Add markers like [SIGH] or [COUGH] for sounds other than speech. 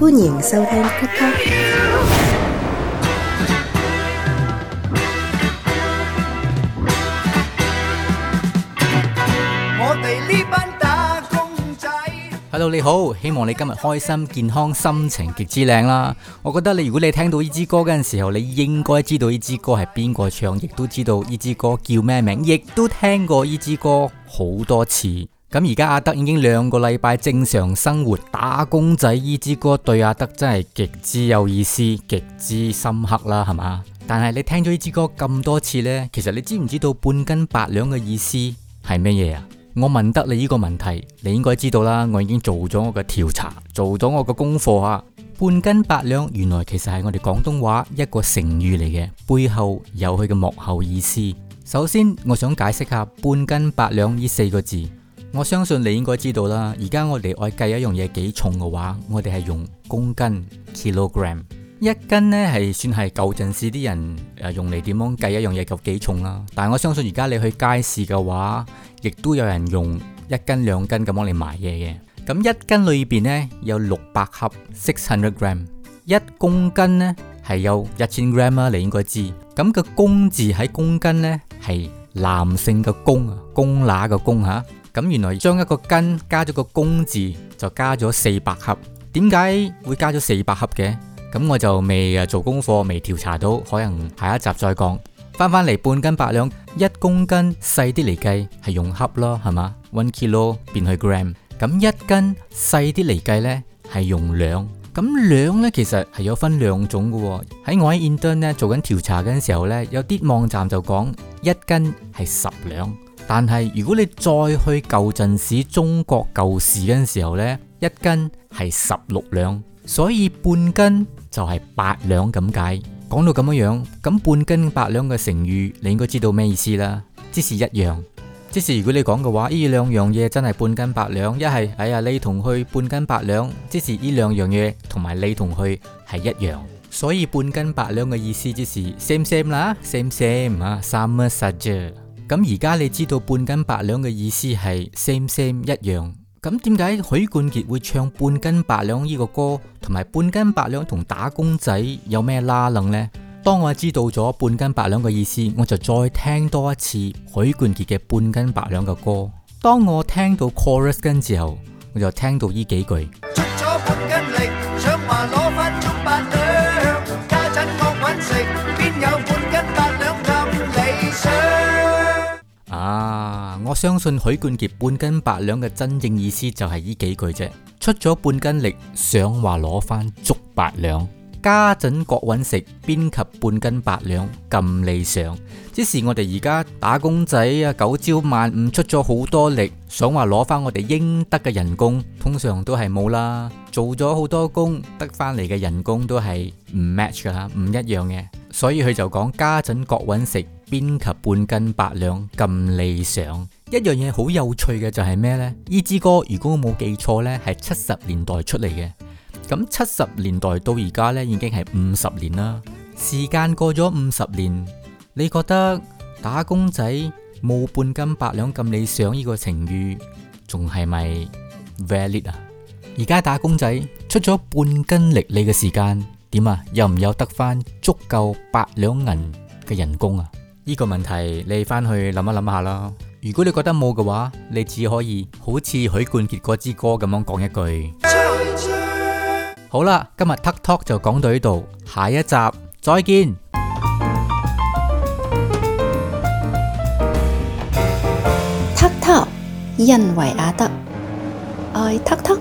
歡迎收聽。 [MUSIC] Hello，你好，希望你今日開心、健康、心情極之靚啦！我覺得你如果你聽到呢支歌嗰陣時候，你應該知道呢支歌係邊個唱，亦都知道呢支歌叫咩名，亦都聽過呢支歌好多次。咁而家阿德已經兩個禮拜正常生活，打工仔呢支歌對阿德真係極之有意思、極之深刻啦，係嘛？但係你聽咗呢支歌咁多次呢，其實你知唔知道半斤八兩嘅意思係咩嘢啊？我問得你呢個問題，你應該知道啦。我已經做咗我嘅調查，做咗我嘅功課啊。半斤八兩原來其實係我哋廣東話一個成語嚟嘅，背後有佢嘅幕後意思。首先，我想解釋下半斤八兩呢四個字。我相信你應該知道啦。而家我哋愛計一樣嘢幾重嘅話，我哋係用公斤 （kilogram）。一斤呢係算係舊陣時啲人誒用嚟點樣計一樣嘢有幾重啦、啊。但係我相信而家你去街市嘅話，亦都有人用一斤兩斤咁樣嚟賣嘢嘅。咁一斤裏邊呢，有六百盒 s i x hundred gram）。一公斤呢，係有一千 gram 啦。你應該知咁、那個公字喺公斤咧係男性嘅公啊，公乸嘅公吓。咁原來將一個斤加咗個公字，就加咗四百克。點解會加咗四百克嘅？咁我就未啊做功課，未調查到，可能下一集再講。翻翻嚟半斤八兩，一公斤細啲嚟計係用克咯，係嘛？One kilo 變去 gram。咁一斤細啲嚟計呢，係用兩。咁兩呢，其實係有分兩種嘅喎。喺我喺 Internet 呢做緊調查嘅時候呢，有啲網站就講一斤係十兩。但係如果你再去舊陣時中國舊時嗰陣時候呢，一斤係十六兩，所以半斤就係八兩咁解。講到咁樣樣，咁半斤八兩嘅成語你應該知道咩意思啦？即是一樣，即是如果你講嘅話，呢兩樣嘢真係半斤八兩，一係哎呀你同佢半斤八兩，即是呢兩樣嘢同埋你同佢係一樣。所以半斤八兩嘅意思即是 same same 啦，same same 啊，summer suger 咁而家你知道半斤八兩嘅意思係 same same 一樣。咁點解許冠傑會唱半斤八兩呢個歌，同埋半斤八兩同打工仔有咩拉楞呢？當我知道咗半斤八兩嘅意思，我就再聽多一次許冠傑嘅半斤八兩嘅歌。當我聽到 chorus 跟之後，我就聽到呢幾句。我相信許冠傑半斤八兩嘅真正意思就係呢幾句啫，出咗半斤力，想話攞翻足八兩，家陣各搵食，邊及半斤八兩咁理想。即使我哋而家打工仔啊，九朝晚五出咗好多力，想話攞翻我哋應得嘅人工，通常都係冇啦。做咗好多工，得翻嚟嘅人工都係唔 match 噶啦，唔一樣嘅。所以佢就講，家陣各揾食，邊及半斤八兩咁理想。一樣嘢好有趣嘅就係咩呢？呢支歌如果我冇記錯呢，係七十年代出嚟嘅。咁七十年代到而家呢，已經係五十年啦。時間過咗五十年，你覺得打工仔冇半斤八兩咁理想呢個成語仲係咪 valid 啊？而家打工仔出咗半斤力你，你嘅時間？點啊？又唔有得翻足夠八兩銀嘅人工啊？呢個問題你翻去諗一諗下啦。如果你覺得冇嘅話，你只可以好似許冠傑嗰支歌咁樣講一句。好啦，今日 talk talk 就講到呢度，下一集再見。talk talk 因為阿德，愛 talk talk。